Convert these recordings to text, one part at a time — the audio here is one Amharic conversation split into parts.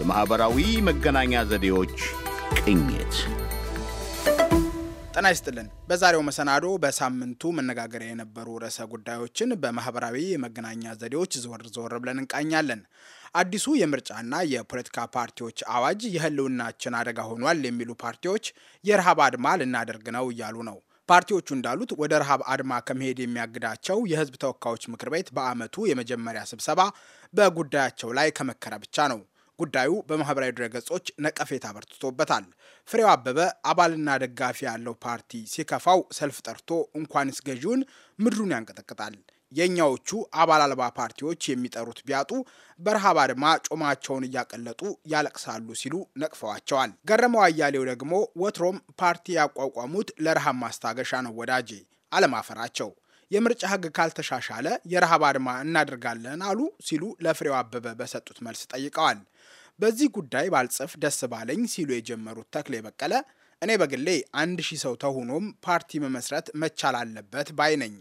የማኅበራዊ መገናኛ ዘዴዎች ቅኝት ጤና ይስጥልን። በዛሬው መሰናዶ በሳምንቱ መነጋገሪያ የነበሩ ርዕሰ ጉዳዮችን በማኅበራዊ የመገናኛ ዘዴዎች ዞር ዞር ብለን እንቃኛለን። አዲሱ የምርጫና የፖለቲካ ፓርቲዎች አዋጅ የህልውናችን አደጋ ሆኗል የሚሉ ፓርቲዎች የረሃብ አድማ ልናደርግ ነው እያሉ ነው። ፓርቲዎቹ እንዳሉት ወደ ረሃብ አድማ ከመሄድ የሚያግዳቸው የህዝብ ተወካዮች ምክር ቤት በአመቱ የመጀመሪያ ስብሰባ በጉዳያቸው ላይ ከመከረ ብቻ ነው። ጉዳዩ በማህበራዊ ድረገጾች ነቀፌታ ታበርትቶበታል። ፍሬው አበበ አባልና ደጋፊ ያለው ፓርቲ ሲከፋው ሰልፍ ጠርቶ እንኳንስ ገዢውን ምድሩን ያንቀጠቅጣል። የእኛዎቹ አባል አልባ ፓርቲዎች የሚጠሩት ቢያጡ በረሃብ አድማ ጮማቸውን እያቀለጡ ያለቅሳሉ ሲሉ ነቅፈዋቸዋል። ገረመው አያሌው ደግሞ ወትሮም ፓርቲ ያቋቋሙት ለረሃብ ማስታገሻ ነው ወዳጄ አለማፈራቸው የምርጫ ሕግ ካልተሻሻለ የረሃብ አድማ እናደርጋለን አሉ ሲሉ ለፍሬው አበበ በሰጡት መልስ ጠይቀዋል። በዚህ ጉዳይ ባልጽፍ ደስ ባለኝ ሲሉ የጀመሩት ተክሌ በቀለ እኔ በግሌ አንድ ሺህ ሰው ተሆኖም ፓርቲ መመስረት መቻል አለበት ባይ ነኝ።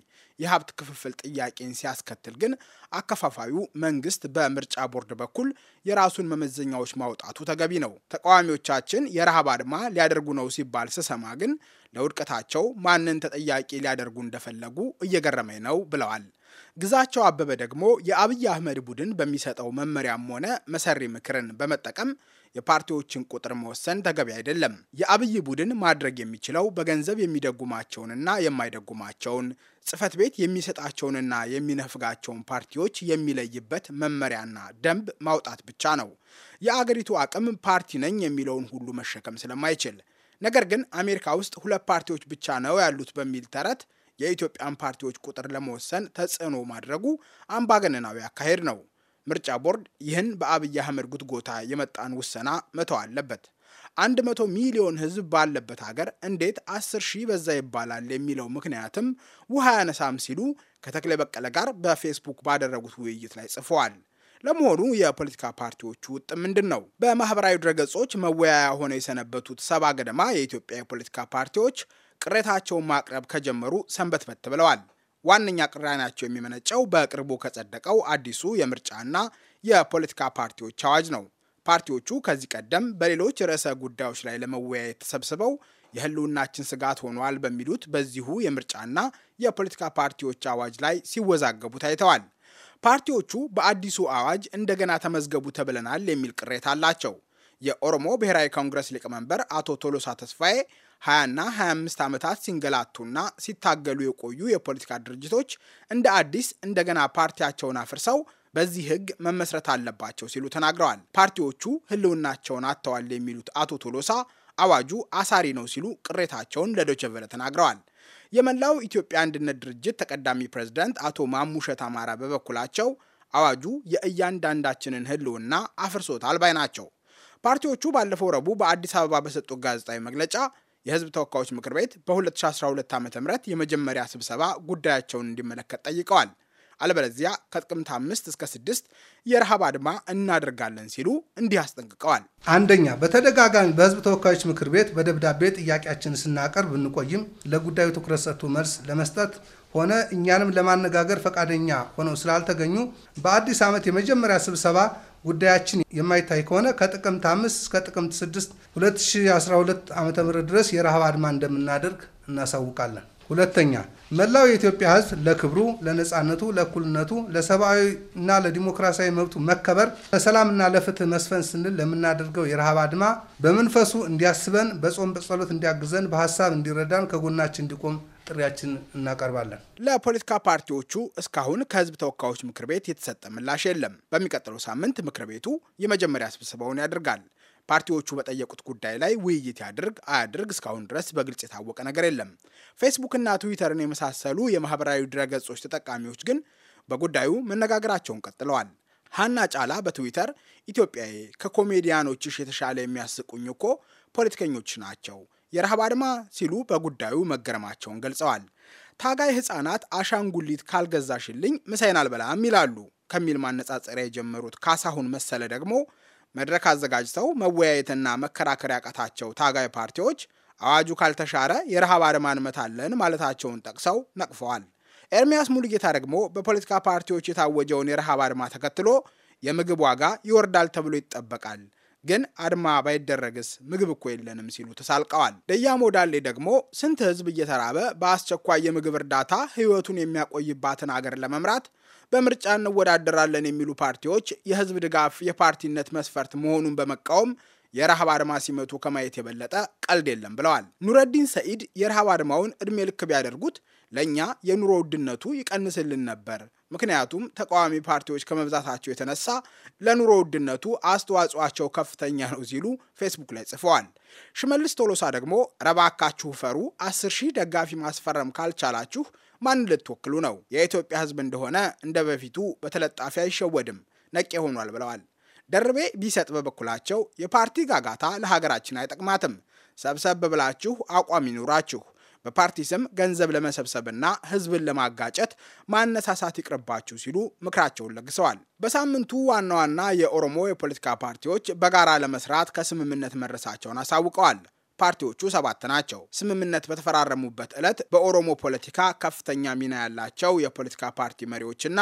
የሀብት ክፍፍል ጥያቄን ሲያስከትል ግን አከፋፋዩ መንግስት በምርጫ ቦርድ በኩል የራሱን መመዘኛዎች ማውጣቱ ተገቢ ነው። ተቃዋሚዎቻችን የረሃብ አድማ ሊያደርጉ ነው ሲባል ስሰማ ግን ለውድቀታቸው ማንን ተጠያቂ ሊያደርጉ እንደፈለጉ እየገረመኝ ነው ብለዋል። ግዛቸው አበበ ደግሞ የአብይ አህመድ ቡድን በሚሰጠው መመሪያም ሆነ መሰሪ ምክርን በመጠቀም የፓርቲዎችን ቁጥር መወሰን ተገቢ አይደለም። የአብይ ቡድን ማድረግ የሚችለው በገንዘብ የሚደጉማቸውንና የማይደጉማቸውን ጽፈት ቤት የሚሰጣቸውንና የሚነፍጋቸውን ፓርቲዎች የሚለይበት መመሪያና ደንብ ማውጣት ብቻ ነው። የአገሪቱ አቅም ፓርቲ ነኝ የሚለውን ሁሉ መሸከም ስለማይችል ነገር ግን አሜሪካ ውስጥ ሁለት ፓርቲዎች ብቻ ነው ያሉት በሚል ተረት የኢትዮጵያን ፓርቲዎች ቁጥር ለመወሰን ተጽዕኖ ማድረጉ አምባገነናዊ አካሄድ ነው። ምርጫ ቦርድ ይህን በአብይ አህመድ ጉትጎታ የመጣን ውሰና መተው አለበት። አንድ መቶ ሚሊዮን ህዝብ ባለበት ሀገር እንዴት አስር ሺህ በዛ ይባላል የሚለው ምክንያትም ውሃ ያነሳም ሲሉ ከተክለ በቀለ ጋር በፌስቡክ ባደረጉት ውይይት ላይ ጽፈዋል። ለመሆኑ የፖለቲካ ፓርቲዎቹ ውጥ ምንድን ነው? በማህበራዊ ድረገጾች መወያያ ሆነው የሰነበቱት ሰባ ገደማ የኢትዮጵያ የፖለቲካ ፓርቲዎች ቅሬታቸውን ማቅረብ ከጀመሩ ሰንበት በት ብለዋል። ዋነኛ ቅራኔያቸው የሚመነጨው በቅርቡ ከጸደቀው አዲሱ የምርጫና የፖለቲካ ፓርቲዎች አዋጅ ነው። ፓርቲዎቹ ከዚህ ቀደም በሌሎች ርዕሰ ጉዳዮች ላይ ለመወያየት ተሰብስበው የህልውናችን ስጋት ሆኗል በሚሉት በዚሁ የምርጫና የፖለቲካ ፓርቲዎች አዋጅ ላይ ሲወዛገቡ ታይተዋል። ፓርቲዎቹ በአዲሱ አዋጅ እንደገና ተመዝገቡ ተብለናል የሚል ቅሬታ አላቸው። የኦሮሞ ብሔራዊ ኮንግረስ ሊቀመንበር አቶ ቶሎሳ ተስፋዬ 20ና 25 ዓመታት ሲንገላቱና ሲታገሉ የቆዩ የፖለቲካ ድርጅቶች እንደ አዲስ እንደገና ፓርቲያቸውን አፍርሰው በዚህ ሕግ መመስረት አለባቸው ሲሉ ተናግረዋል። ፓርቲዎቹ ህልውናቸውን አጥተዋል የሚሉት አቶ ቶሎሳ አዋጁ አሳሪ ነው ሲሉ ቅሬታቸውን ለዶቸቨለ ተናግረዋል። የመላው ኢትዮጵያ አንድነት ድርጅት ተቀዳሚ ፕሬዝዳንት አቶ ማሙሸት አማራ በበኩላቸው አዋጁ የእያንዳንዳችንን ህልውና አፍርሶታል ባይ ናቸው። ፓርቲዎቹ ባለፈው ረቡዕ በአዲስ አበባ በሰጡት ጋዜጣዊ መግለጫ የህዝብ ተወካዮች ምክር ቤት በ2012 ዓ ም የመጀመሪያ ስብሰባ ጉዳያቸውን እንዲመለከት ጠይቀዋል። አለበለዚያ ከጥቅምት አምስት እስከ ስድስት የረሃብ አድማ እናደርጋለን ሲሉ እንዲህ አስጠንቅቀዋል። አንደኛ፣ በተደጋጋሚ በህዝብ ተወካዮች ምክር ቤት በደብዳቤ ጥያቄያችን ስናቀርብ ብንቆይም ለጉዳዩ ትኩረት ሰጥቶ መልስ ለመስጠት ሆነ እኛንም ለማነጋገር ፈቃደኛ ሆነው ስላልተገኙ በአዲስ ዓመት የመጀመሪያ ስብሰባ ጉዳያችን የማይታይ ከሆነ ከጥቅምት አምስት እስከ ጥቅምት ስድስት 2012 ዓ ም ድረስ የረሃብ አድማ እንደምናደርግ እናሳውቃለን። ሁለተኛ መላው የኢትዮጵያ ሕዝብ ለክብሩ፣ ለነፃነቱ ለእኩልነቱ፣ እና ለዲሞክራሲያዊ መብቱ መከበር፣ ለሰላምና ለፍትህ መስፈን ስንል ለምናደርገው የረሃብ አድማ በመንፈሱ እንዲያስበን፣ በጾም በጸሎት እንዲያግዘን፣ በሀሳብ እንዲረዳን፣ ከጎናችን እንዲቆም ጥሪያችን እናቀርባለን። ለፖለቲካ ፓርቲዎቹ እስካሁን ከህዝብ ተወካዮች ምክር ቤት የተሰጠ ምላሽ የለም። በሚቀጥለው ሳምንት ምክር ቤቱ የመጀመሪያ ስብሰባውን ያደርጋል። ፓርቲዎቹ በጠየቁት ጉዳይ ላይ ውይይት ያድርግ አያድርግ እስካሁን ድረስ በግልጽ የታወቀ ነገር የለም። ፌስቡክና ትዊተርን የመሳሰሉ የማህበራዊ ድረገጾች ተጠቃሚዎች ግን በጉዳዩ መነጋገራቸውን ቀጥለዋል። ሀና ጫላ በትዊተር ኢትዮጵያዬ፣ ከኮሜዲያኖችሽ የተሻለ የሚያስቁኝ እኮ ፖለቲከኞች ናቸው የረሃብ አድማ ሲሉ በጉዳዩ መገረማቸውን ገልጸዋል። ታጋይ ህጻናት አሻንጉሊት ካልገዛሽልኝ ምሳዬን አልበላም ይላሉ ከሚል ማነጻጸሪያ የጀመሩት ካሳሁን መሰለ ደግሞ መድረክ አዘጋጅተው መወያየትና መከራከር ያቃታቸው ታጋይ ፓርቲዎች አዋጁ ካልተሻረ የረሃብ አድማ እንመታለን ማለታቸውን ጠቅሰው ነቅፈዋል። ኤርሚያስ ሙሉጌታ ደግሞ በፖለቲካ ፓርቲዎች የታወጀውን የረሃብ አድማ ተከትሎ የምግብ ዋጋ ይወርዳል ተብሎ ይጠበቃል ግን አድማ ባይደረግስ ምግብ እኮ የለንም ሲሉ ተሳልቀዋል። ደያሞ ዳሌ ደግሞ ስንት ህዝብ እየተራበ በአስቸኳይ የምግብ እርዳታ ህይወቱን የሚያቆይባትን አገር ለመምራት በምርጫ እንወዳደራለን የሚሉ ፓርቲዎች የህዝብ ድጋፍ የፓርቲነት መስፈርት መሆኑን በመቃወም የረሃብ አድማ ሲመቱ ከማየት የበለጠ ቀልድ የለም ብለዋል። ኑረዲን ሰኢድ የረሃብ አድማውን እድሜ ልክ ቢያደርጉት ለእኛ የኑሮ ውድነቱ ይቀንስልን ነበር። ምክንያቱም ተቃዋሚ ፓርቲዎች ከመብዛታቸው የተነሳ ለኑሮ ውድነቱ አስተዋጽኦአቸው ከፍተኛ ነው ሲሉ ፌስቡክ ላይ ጽፈዋል። ሽመልስ ቶሎሳ ደግሞ ረባካችሁ ፈሩ፣ አስር ሺህ ደጋፊ ማስፈረም ካልቻላችሁ ማን ልትወክሉ ነው? የኢትዮጵያ ሕዝብ እንደሆነ እንደ በፊቱ በተለጣፊ አይሸወድም፣ ነቄ ሆኗል ብለዋል። ደርቤ ቢሰጥ በበኩላቸው የፓርቲ ጋጋታ ለሀገራችን አይጠቅማትም፣ ሰብሰብ ብላችሁ አቋም ይኑራችሁ፣ በፓርቲ ስም ገንዘብ ለመሰብሰብና ሕዝብን ለማጋጨት ማነሳሳት ይቅርባችሁ ሲሉ ምክራቸውን ለግሰዋል። በሳምንቱ ዋና ዋና የኦሮሞ የፖለቲካ ፓርቲዎች በጋራ ለመስራት ከስምምነት መድረሳቸውን አሳውቀዋል። ፓርቲዎቹ ሰባት ናቸው። ስምምነት በተፈራረሙበት ዕለት በኦሮሞ ፖለቲካ ከፍተኛ ሚና ያላቸው የፖለቲካ ፓርቲ መሪዎችና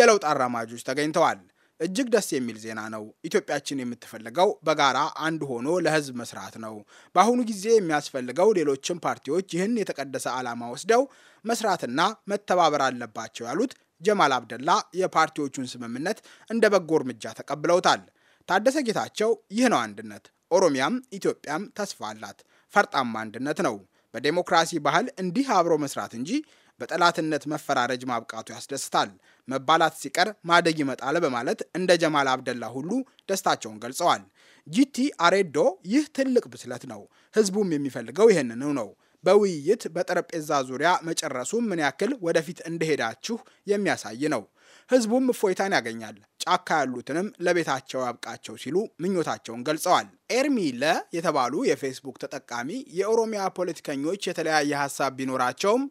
የለውጥ አራማጆች ተገኝተዋል። እጅግ ደስ የሚል ዜና ነው። ኢትዮጵያችን የምትፈልገው በጋራ አንድ ሆኖ ለህዝብ መስራት ነው። በአሁኑ ጊዜ የሚያስፈልገው ሌሎችም ፓርቲዎች ይህን የተቀደሰ ዓላማ ወስደው መስራትና መተባበር አለባቸው ያሉት ጀማል አብደላ የፓርቲዎቹን ስምምነት እንደ በጎ እርምጃ ተቀብለውታል። ታደሰ ጌታቸው ይህ ነው አንድነት። ኦሮሚያም ኢትዮጵያም ተስፋ አላት። ፈርጣማ አንድነት ነው። በዴሞክራሲ ባህል እንዲህ አብሮ መስራት እንጂ በጠላትነት መፈራረጅ ማብቃቱ ያስደስታል። መባላት ሲቀር ማደግ ይመጣል በማለት እንደ ጀማል አብደላ ሁሉ ደስታቸውን ገልጸዋል። ጂቲ አሬዶ ይህ ትልቅ ብስለት ነው፣ ህዝቡም የሚፈልገው ይህንኑ ነው። በውይይት በጠረጴዛ ዙሪያ መጨረሱ ምን ያክል ወደፊት እንደሄዳችሁ የሚያሳይ ነው። ህዝቡም እፎይታን ያገኛል፣ ጫካ ያሉትንም ለቤታቸው ያብቃቸው ሲሉ ምኞታቸውን ገልጸዋል። ኤርሚ ለ የተባሉ የፌስቡክ ተጠቃሚ የኦሮሚያ ፖለቲከኞች የተለያየ ሀሳብ ቢኖራቸውም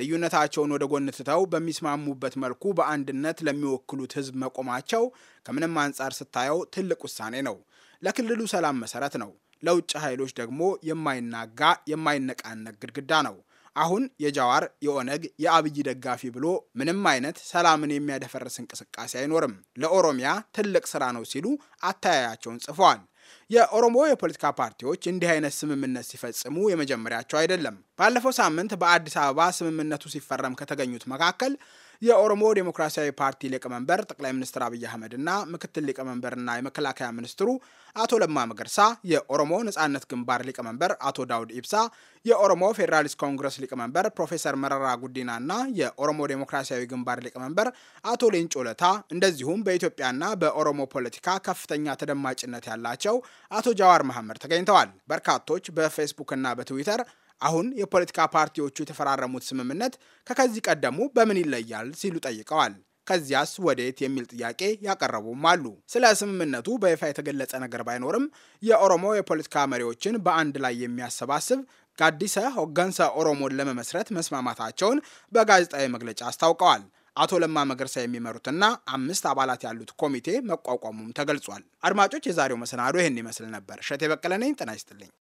ልዩነታቸውን ወደ ጎን ትተው በሚስማሙበት መልኩ በአንድነት ለሚወክሉት ህዝብ መቆማቸው ከምንም አንጻር ስታየው ትልቅ ውሳኔ ነው። ለክልሉ ሰላም መሰረት ነው። ለውጭ ኃይሎች ደግሞ የማይናጋ የማይነቃነቅ ግድግዳ ነው። አሁን የጃዋር የኦነግ የአብይ ደጋፊ ብሎ ምንም አይነት ሰላምን የሚያደፈርስ እንቅስቃሴ አይኖርም። ለኦሮሚያ ትልቅ ስራ ነው ሲሉ አተያያቸውን ጽፈዋል። የኦሮሞ የፖለቲካ ፓርቲዎች እንዲህ አይነት ስምምነት ሲፈጽሙ የመጀመሪያቸው አይደለም። ባለፈው ሳምንት በአዲስ አበባ ስምምነቱ ሲፈረም ከተገኙት መካከል የኦሮሞ ዴሞክራሲያዊ ፓርቲ ሊቀመንበር ጠቅላይ ሚኒስትር አብይ አህመድና ምክትል ሊቀመንበርና የመከላከያ ሚኒስትሩ አቶ ለማ መገርሳ፣ የኦሮሞ ነጻነት ግንባር ሊቀመንበር አቶ ዳውድ ኢብሳ፣ የኦሮሞ ፌዴራሊስት ኮንግረስ ሊቀመንበር ፕሮፌሰር መረራ ጉዲና እና የኦሮሞ ዴሞክራሲያዊ ግንባር ሊቀመንበር አቶ ሌንጮ ለታ እንደዚሁም በኢትዮጵያና በኦሮሞ ፖለቲካ ከፍተኛ ተደማጭነት ያላቸው አቶ ጃዋር መሐመድ ተገኝተዋል። በርካቶች በፌስቡክና በትዊተር አሁን የፖለቲካ ፓርቲዎቹ የተፈራረሙት ስምምነት ከከዚህ ቀደሙ በምን ይለያል ሲሉ ጠይቀዋል። ከዚያስ ወዴት የሚል ጥያቄ ያቀረቡም አሉ። ስለ ስምምነቱ በይፋ የተገለጸ ነገር ባይኖርም የኦሮሞ የፖለቲካ መሪዎችን በአንድ ላይ የሚያሰባስብ ጋዲሰ ሆገንሰ ኦሮሞን ለመመስረት መስማማታቸውን በጋዜጣዊ መግለጫ አስታውቀዋል። አቶ ለማ መገርሳ የሚመሩትና አምስት አባላት ያሉት ኮሚቴ መቋቋሙም ተገልጿል። አድማጮች፣ የዛሬው መሰናዶ ይህን ይመስል ነበር። እሸቴ በቀለ ነኝ። ጤና ይስጥልኝ።